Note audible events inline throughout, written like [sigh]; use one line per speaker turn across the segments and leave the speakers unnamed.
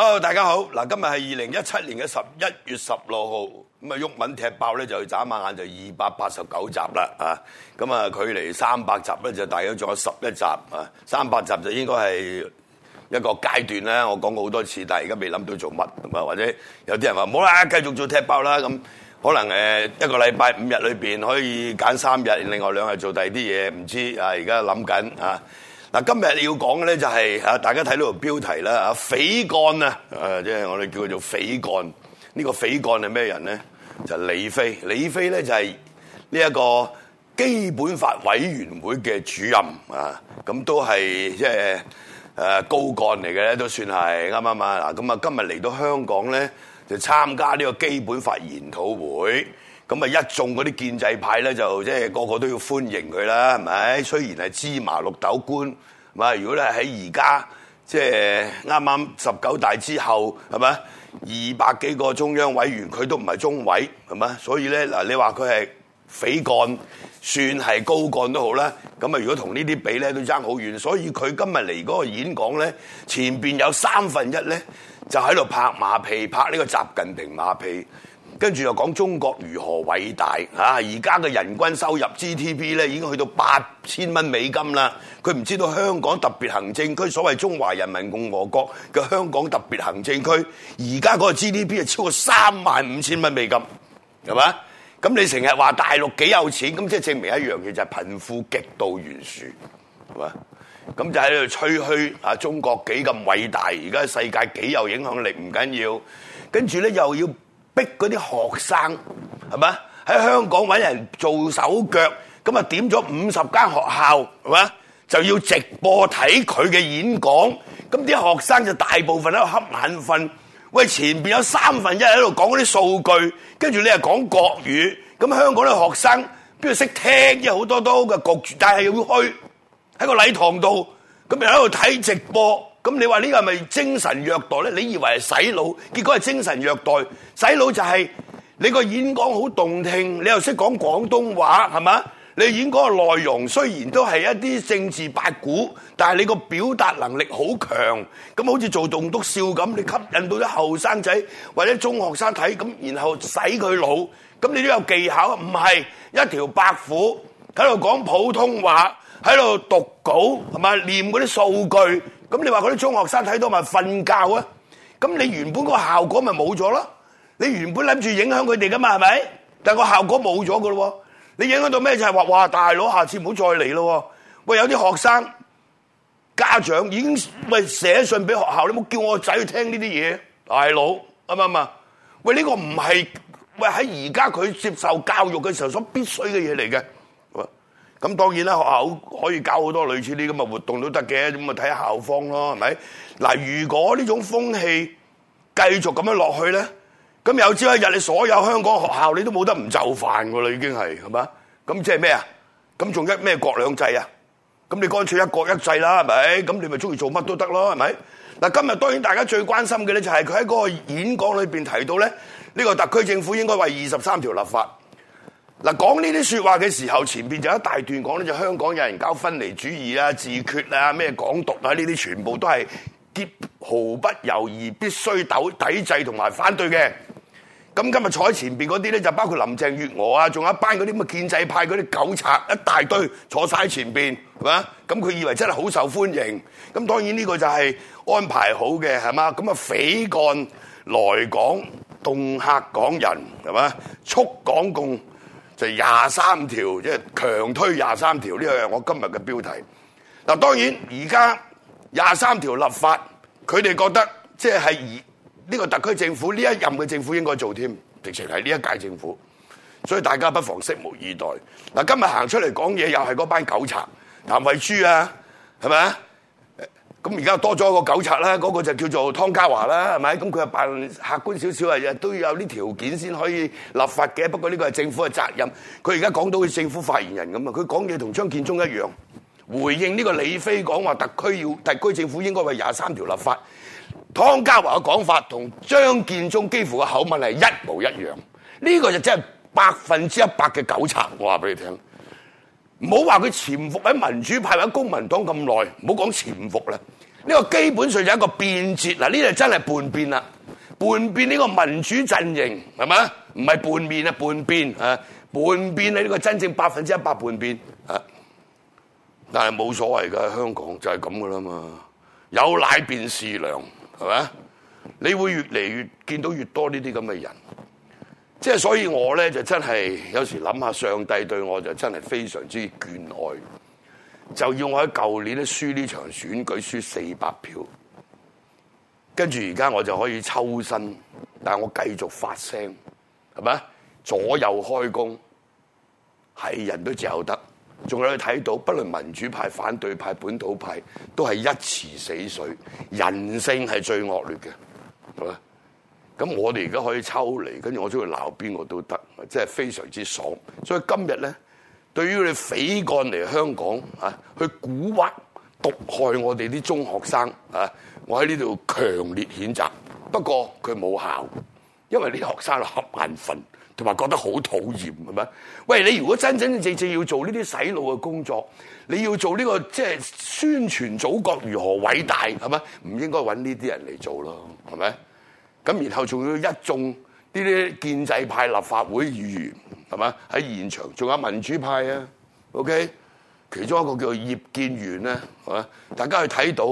好，大家好。嗱，今日係二零一七年嘅十一月十六號。咁啊，毓民踢爆咧就眨下眼就二百八十九集啦。啊，咁啊，距離三百集咧就大約仲有十一集啊。三百集就應該係一個階段咧。我講過好多次，但係而家未諗到做乜咁啊。或者有啲人話唔好啦，繼續做踢爆啦。咁、啊、可能誒、呃、一個禮拜五日裏邊可以揀三日，另外兩日做第二啲嘢。唔知啊，而家諗緊啊。嗱，今日你要講嘅咧就係啊，大家睇到個標題啦，啊，匪幹啊，誒，即係我哋叫佢做匪幹。呢個匪幹係咩人咧？就李飛。李飛咧就係呢一個基本法委員會嘅主任啊，咁都係即係誒高幹嚟嘅咧，都算係啱啱啊。嗱，咁啊，今日嚟到香港咧，就參加呢個基本法研討會。咁啊，一眾嗰啲建制派咧，就即係個個都要歡迎佢啦，係咪？雖然係芝麻綠豆官，係咪？如果咧喺而家，即係啱啱十九大之後，係咪？二百幾個中央委員，佢都唔係中委，係咪？所以咧，嗱，你話佢係匪幹，算係高幹都好啦。咁啊，如果同呢啲比咧，都爭好遠。所以佢今日嚟嗰個演講咧，前邊有三分一咧，就喺度拍馬屁，拍呢個習近平馬屁。跟住又講中國如何偉大啊，而家嘅人均收入 GDP 咧已經去到八千蚊美金啦。佢唔知道香港特別行政區所謂中華人民共和國嘅香港特別行政區，而家嗰個 GDP 係超過三萬五千蚊美金，係嘛？咁你成日話大陸幾有錢，咁即係證明一樣嘢就係貧富極度懸殊，係嘛？咁就喺度吹噓啊中國幾咁偉大，而家世界幾有影響力，唔緊要。跟住咧又要，逼嗰啲學生，係嘛，喺香港揾人做手腳，咁啊點咗五十間學校係嘛？就要直播睇佢嘅演講，咁啲學生就大部分喺度瞌眼瞓。喂，前邊有三分一喺度講嗰啲數據，跟住你又講國語，咁香港啲學生邊度識聽？即係好多都嘅焗住，但係要虛喺個禮堂度，咁又喺度睇直播。咁你話呢個係咪精神虐待呢？你以為係洗腦，結果係精神虐待。洗腦就係你個演講好動聽，你又識講廣東話，係嘛？你演講嘅內容雖然都係一啲政治八股，但係你個表達能力好強。咁好似做棟篤笑咁，你吸引到啲後生仔或者中學生睇，咁然後洗佢腦。咁你都有技巧，唔係一條白虎喺度講普通話，喺度讀稿係嘛？念嗰啲數據。咁你話嗰啲中學生睇到咪瞓覺啊？咁你原本個效果咪冇咗咯？你原本諗住影響佢哋噶嘛係咪？但個效果冇咗噶咯喎？你影響到咩就係話：哇大佬，下次唔好再嚟咯喎！喂，有啲學生家長已經喂，寫信俾學校，你冇叫我仔去聽呢啲嘢，大佬，啱唔啱？喂，呢個唔係喂喺而家佢接受教育嘅時候所必須嘅嘢嚟嘅。咁當然啦，學校可以搞好多類似啲咁嘅活動都得嘅，咁咪睇下校方咯，係咪？嗱，如果呢種風氣繼續咁樣落去咧，咁有朝一日你所有香港學校你都冇得唔就範噶啦，已經係，係咪？咁即係咩啊？咁仲一咩國兩制啊？咁你乾脆一國一制啦，係咪？咁你咪中意做乜都得咯，係咪？嗱，今日當然大家最關心嘅咧就係佢喺嗰個演講裏面提到咧，呢個特區政府應該為二十三條立法。嗱，講呢啲説話嘅時候，前邊就一大段講咧，就香港有人搞分離主義啊、自決啊、咩港獨啊，呢啲全部都係極毫不猶豫必須抵制同埋反對嘅。咁今日坐喺前邊嗰啲咧，就包括林鄭月娥啊，仲有一班嗰啲咁嘅建制派嗰啲狗賊，一大堆坐曬前邊，係嘛？咁佢以為真係好受歡迎。咁當然呢個就係安排好嘅，係嘛？咁啊匪幹來港恫嚇港人，係嘛？促港共。就廿三條，即係強推廿三條呢樣，呢個係我今日嘅標題。嗱，當然而家廿三條立法，佢哋覺得即係而呢個特區政府呢一任嘅政府應該做添，直情係呢一屆政府，所以大家不妨拭目以待。嗱，今日行出嚟講嘢又係嗰班狗賊，譚慧珠啊，係咪啊？咁而家多咗一個狗賊啦，嗰、那個就叫做湯家華啦，係咪？咁佢又扮客觀少少，係都要有啲條件先可以立法嘅。不過呢個係政府嘅責任。佢而家講到佢政府發言人咁啊，佢講嘢同張建宗一樣，回應呢個李飛講話特區要特區政府應該為廿三條立法。湯家華嘅講法同張建宗幾乎嘅口吻係一模一樣，呢、這個就真係百分之一百嘅狗賊，我話畀你聽。唔好話佢潛伏喺民主派或者公民黨咁耐，唔好講潛伏啦。呢、這個基本上就一個變節啦，呢度真係叛變啦，叛變呢個民主陣營係咪？唔係叛變啊，叛變啊，叛變係呢個真正百分之一百叛變啊！但係冇所謂㗎，香港就係咁㗎啦嘛，有奶便是娘係咪？你會越嚟越見到越多呢啲咁嘅人。即係所以我咧，就真係有時諗下上帝對我就真係非常之眷愛，就要我喺舊年咧，輸呢場選舉，輸四百票，跟住而家我就可以抽身，但係我繼續發聲，係咪？左右開弓，係人都自由得，仲有你睇到不論民主派、反對派、本土派，都係一池死水，人性係最惡劣嘅，係嘛？咁我哋而家可以抽離，跟住我出去鬧邊個都得，即係非常之爽。所以今日咧，對於你匪幹嚟香港啊，去蠱惑、毒害我哋啲中學生啊，我喺呢度強烈譴責。不過佢冇效，因為啲學生合眼瞓，同埋覺得好討厭，係咪？喂，你如果真真正，正正要做呢啲洗腦嘅工作，你要做呢、這個即係、就是、宣傳祖國如何偉大，係咪？唔應該搵呢啲人嚟做咯，係咪？咁然後仲要一眾呢啲建制派立法會議員係嘛喺現場，仲有民主派啊，OK，其中一個叫葉建源咧係嘛，大家去睇到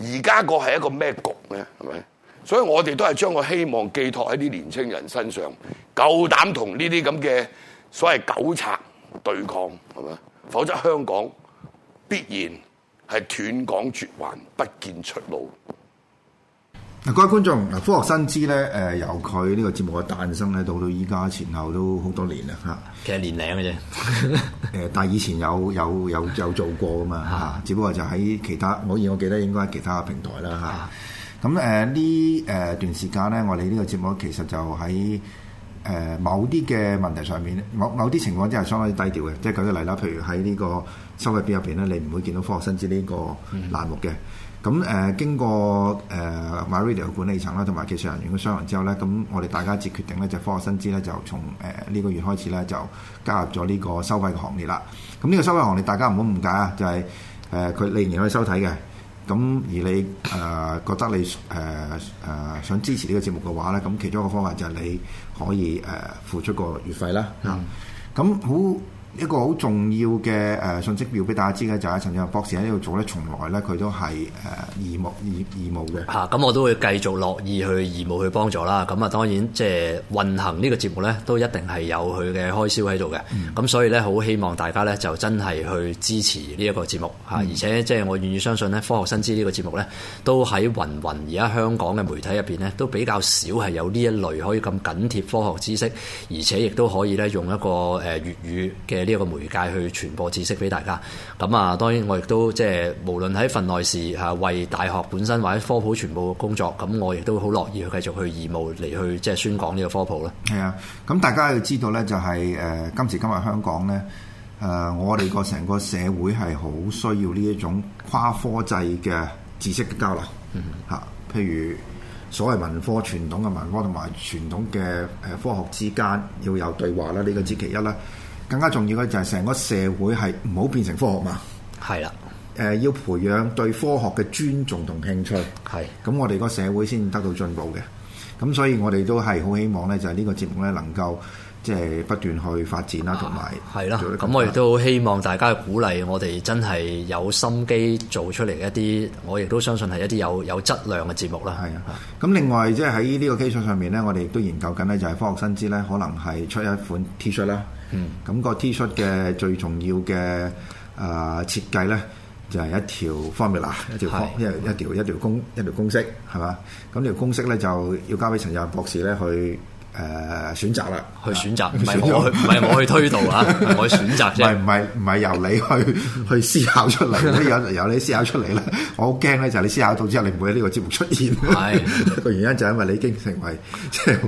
而家個係一個咩局咧係咪？所以我哋都係將個希望寄託喺啲年輕人身上，夠膽同呢啲咁嘅所謂狗賊對抗係嘛？否則香港必然係斷港絕環，不見出路。
各位觀眾，嗱，科學新知咧，誒，由佢呢個節目嘅誕生咧，到到依家前後都好多年啦，嚇。
其實年零嘅啫。
誒，但係以前有有有有做過噶嘛，嚇。 [laughs] 只不過就喺其他，我以為，我記得應該喺其他嘅平台啦，嚇。咁誒，呢誒段時間咧，我哋呢個節目其實就喺誒某啲嘅問題上面，某某啲情況真係相當之低調嘅。即係舉個例啦，譬如喺呢個收費表入邊咧，你唔會見到科學新知呢個欄目嘅。嗯咁誒、呃、經過誒、呃、MyRadio 管理層啦，同埋技術人員嘅商量之後咧，咁我哋大家一致決定咧，就、科學新知咧，就從呢、呃呢個月開始咧，就加入咗呢個收費嘅行列啦。咁呢個收費行列大家唔好誤解啊，就係佢仍然可以收睇嘅。咁而你誒、呃、覺得你誒想支持呢個節目嘅話咧，咁其中一個方法就係你可以、呃、付出個月費啦。咁、嗯、好、啊。一個好重要嘅誒信息表俾大家知嘅就係、是、陳振博士喺呢度做咧，從來咧佢都係誒義務、義義務
嘅。嚇，咁、啊、我都會繼續樂意去義務去幫助啦。咁啊，當然即係運行呢個節目咧，都一定係有佢嘅開銷喺度嘅。咁、嗯啊、所以咧，好希望大家咧就真係去支持呢一個節目嚇、啊嗯，而且即係我願意相信咧，科學新知呢個節目咧都喺芸芸而家香港嘅媒體入邊咧都比較少係有呢一類可以咁緊貼科學知識，而且亦都可以咧用一個誒粵語嘅。呢、這、一個媒介去傳播知識俾大家，咁啊，當然我亦都即係無論喺份內事啊，為大學本身或者科普全部工作，咁我亦都好樂意去繼續去義務嚟去即係宣講呢個科普咧。
係啊，咁大家要知道呢，就係誒今時今日香港呢，誒我哋個成個社會係好需要呢一種跨科際嘅知識嘅交流，嚇，譬如所謂文科傳統嘅文科同埋傳統嘅誒科學之間要有對話啦，呢個只其一啦。更加重要嘅就係成個社會係唔好變成科學嘛，係啦。誒、呃，要培養對科學嘅尊重同興趣，係咁，那我哋個社會先得到進步嘅。咁所以，我哋都係好希望咧，就係、是、呢個節目咧能夠即係、就是、不斷去發展啦，同埋
係咯。咁我亦都希望大家嘅鼓勵，我哋真係有心機做出嚟一啲，我亦都相信係一啲有有質量嘅節目啦。係啊，
咁另外即係喺呢個基礎上面咧，我哋亦都研究緊咧，就係科學新知咧，可能係出一款 T 恤啦。嗯，咁個 t 恤嘅最重要嘅誒設計咧，就係一條 formula，一條方，一一條一條公一條公式，係嘛？咁條公式咧，就要交俾陳日博士咧去。誒、呃、選擇啦，去選擇，唔、啊、係我去，唔 [laughs] 係我去推導啊， [laughs] 我去選擇啫。唔係唔係唔係由你去去思考出嚟 [laughs] 由你思考出嚟咧，我好驚咧，就係你思考到之後，你唔會喺呢個節目出現。係個 [laughs] 原因就係因為你已經成為即係、就係、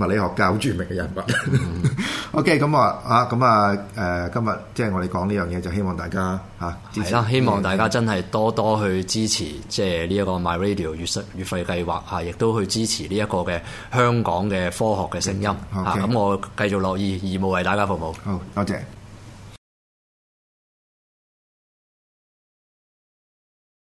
物理學家好著名嘅人物。嗯、OK，咁啊啊，咁啊誒，今日即係我哋講呢樣嘢，就係、希望大
家嚇。係、啊、啦，希望大家真係多多去支持，即係呢一個 My Radio 月費月費計劃亦、啊、都去支持呢一個嘅香港嘅科學。嘅聲音嚇，咁，okay、我繼續樂意義務為大家服務。好，
多謝，謝。